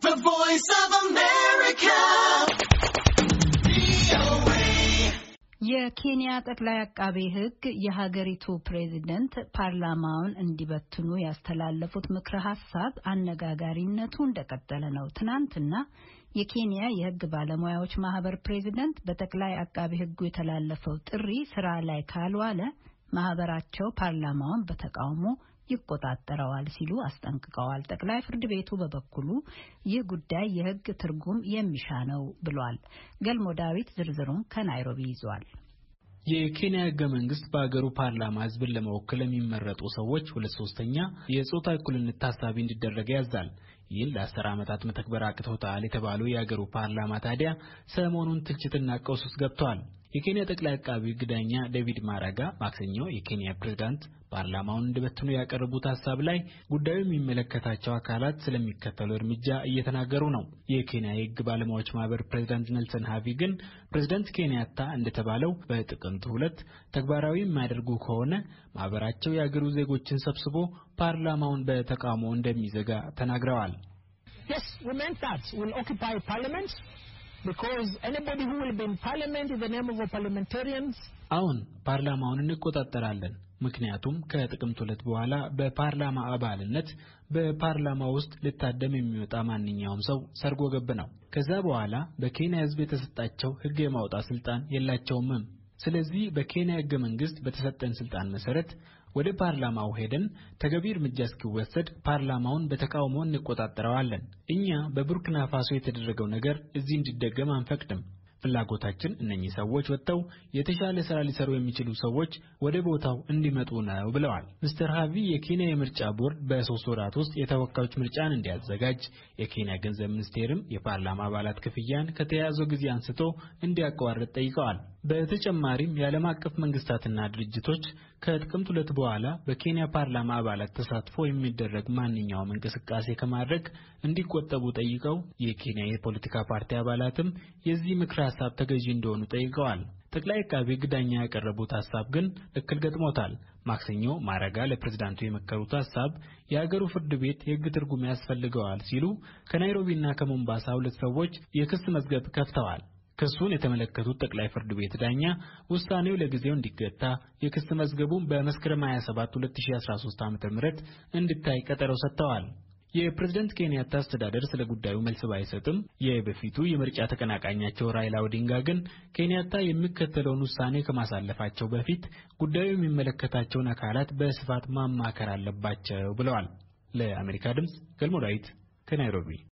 The Voice of America. የኬንያ ጠቅላይ አቃቤ ሕግ የሀገሪቱ ፕሬዚደንት ፓርላማውን እንዲበትኑ ያስተላለፉት ምክረ ሀሳብ አነጋጋሪነቱ እንደቀጠለ ነው። ትናንትና የኬንያ የሕግ ባለሙያዎች ማህበር ፕሬዚደንት በጠቅላይ አቃቤ ሕጉ የተላለፈው ጥሪ ስራ ላይ ካልዋለ ማህበራቸው ፓርላማውን በተቃውሞ ይቆጣጠረዋል ሲሉ አስጠንቅቀዋል። ጠቅላይ ፍርድ ቤቱ በበኩሉ ይህ ጉዳይ የሕግ ትርጉም የሚሻ ነው ብሏል። ገልሞ ዳዊት ዝርዝሩን ከናይሮቢ ይዟል። የኬንያ ህገ መንግስት በአገሩ ፓርላማ ህዝብን ለመወከል የሚመረጡ ሰዎች ሁለት ሶስተኛ የጾታ እኩልነት ታሳቢ እንዲደረግ ያዛል። ይህን ለአስር ዓመታት መተግበር አቅቶታል የተባለው የሀገሩ ፓርላማ ታዲያ ሰሞኑን ትችትና ቀውስ ውስጥ ገብተዋል። የኬንያ ጠቅላይ አቃቢ ሕግ ዳኛ ዴቪድ ማራጋ ማክሰኞ የኬንያ ፕሬዝዳንት ፓርላማውን እንዲበትኑ ያቀረቡት ሀሳብ ላይ ጉዳዩ የሚመለከታቸው አካላት ስለሚከተሉ እርምጃ እየተናገሩ ነው። የኬንያ የህግ ባለሙያዎች ማህበር ፕሬዝዳንት ኔልሰን ሀቪ ግን ፕሬዝዳንት ኬንያታ እንደተባለው በጥቅምት ሁለት ተግባራዊ የማያደርጉ ከሆነ ማህበራቸው የአገሩ ዜጎችን ሰብስቦ ፓርላማውን በተቃውሞ እንደሚዘጋ ተናግረዋል። because anybody who will be in parliament in the name of a parliamentarians አሁን ፓርላማውን እንቆጣጠራለን። ምክንያቱም ከጥቅምት ሁለት በኋላ በፓርላማ አባልነት በፓርላማ ውስጥ ልታደም የሚወጣ ማንኛውም ሰው ሰርጎ ገብ ነው። ከዛ በኋላ በኬንያ ህዝብ የተሰጣቸው ህግ የማውጣት ስልጣን የላቸውምም። ስለዚህ በኬንያ ህገ መንግስት በተሰጠን ስልጣን መሰረት ወደ ፓርላማው ሄደን ተገቢ እርምጃ እስኪወሰድ ፓርላማውን በተቃውሞ እንቆጣጠረዋለን። እኛ በቡርኪና ፋሶ የተደረገው ነገር እዚህ እንዲደገም አንፈቅድም። ፍላጎታችን እነኚህ ሰዎች ወጥተው የተሻለ ስራ ሊሰሩ የሚችሉ ሰዎች ወደ ቦታው እንዲመጡ ነው ብለዋል። ምስተር ሃቪ የኬንያ የምርጫ ቦርድ በሶስት ወራት ውስጥ የተወካዮች ምርጫን እንዲያዘጋጅ፣ የኬንያ ገንዘብ ሚኒስቴርም የፓርላማ አባላት ክፍያን ከተያዘው ጊዜ አንስቶ እንዲያቋርጥ ጠይቀዋል። በተጨማሪም የዓለም አቀፍ መንግስታትና ድርጅቶች ከጥቅምት ሁለት በኋላ በኬንያ ፓርላማ አባላት ተሳትፎ የሚደረግ ማንኛውም እንቅስቃሴ ከማድረግ እንዲቆጠቡ ጠይቀው የኬንያ የፖለቲካ ፓርቲ አባላትም የዚህ ምክር ሀሳብ ተገዢ እንደሆኑ ጠይቀዋል። ጠቅላይ አቃቤ ሕግ ዳኛ ያቀረቡት ሀሳብ ግን እክል ገጥሞታል። ማክሰኞ ማረጋ ለፕሬዝዳንቱ የመከሩት ሀሳብ የአገሩ ፍርድ ቤት የሕግ ትርጉም ያስፈልገዋል ሲሉ ከናይሮቢና ከሞምባሳ ሁለት ሰዎች የክስ መዝገብ ከፍተዋል። ክሱን የተመለከቱት ጠቅላይ ፍርድ ቤት ዳኛ ውሳኔው ለጊዜው እንዲገታ የክስ መዝገቡን በመስከረም 27 2013 ዓ.ም እንዲታይ ቀጠሮ ሰጥተዋል። የፕሬዝደንት ኬንያታ አስተዳደር ስለ ጉዳዩ መልስ ባይሰጥም የበፊቱ የምርጫ ተቀናቃኛቸው ራይላ ኦዲንጋ ግን ኬንያታ የሚከተለውን ውሳኔ ከማሳለፋቸው በፊት ጉዳዩ የሚመለከታቸውን አካላት በስፋት ማማከር አለባቸው ብለዋል። ለአሜሪካ ድምፅ ገልሞ ዳዊት ከናይሮቢ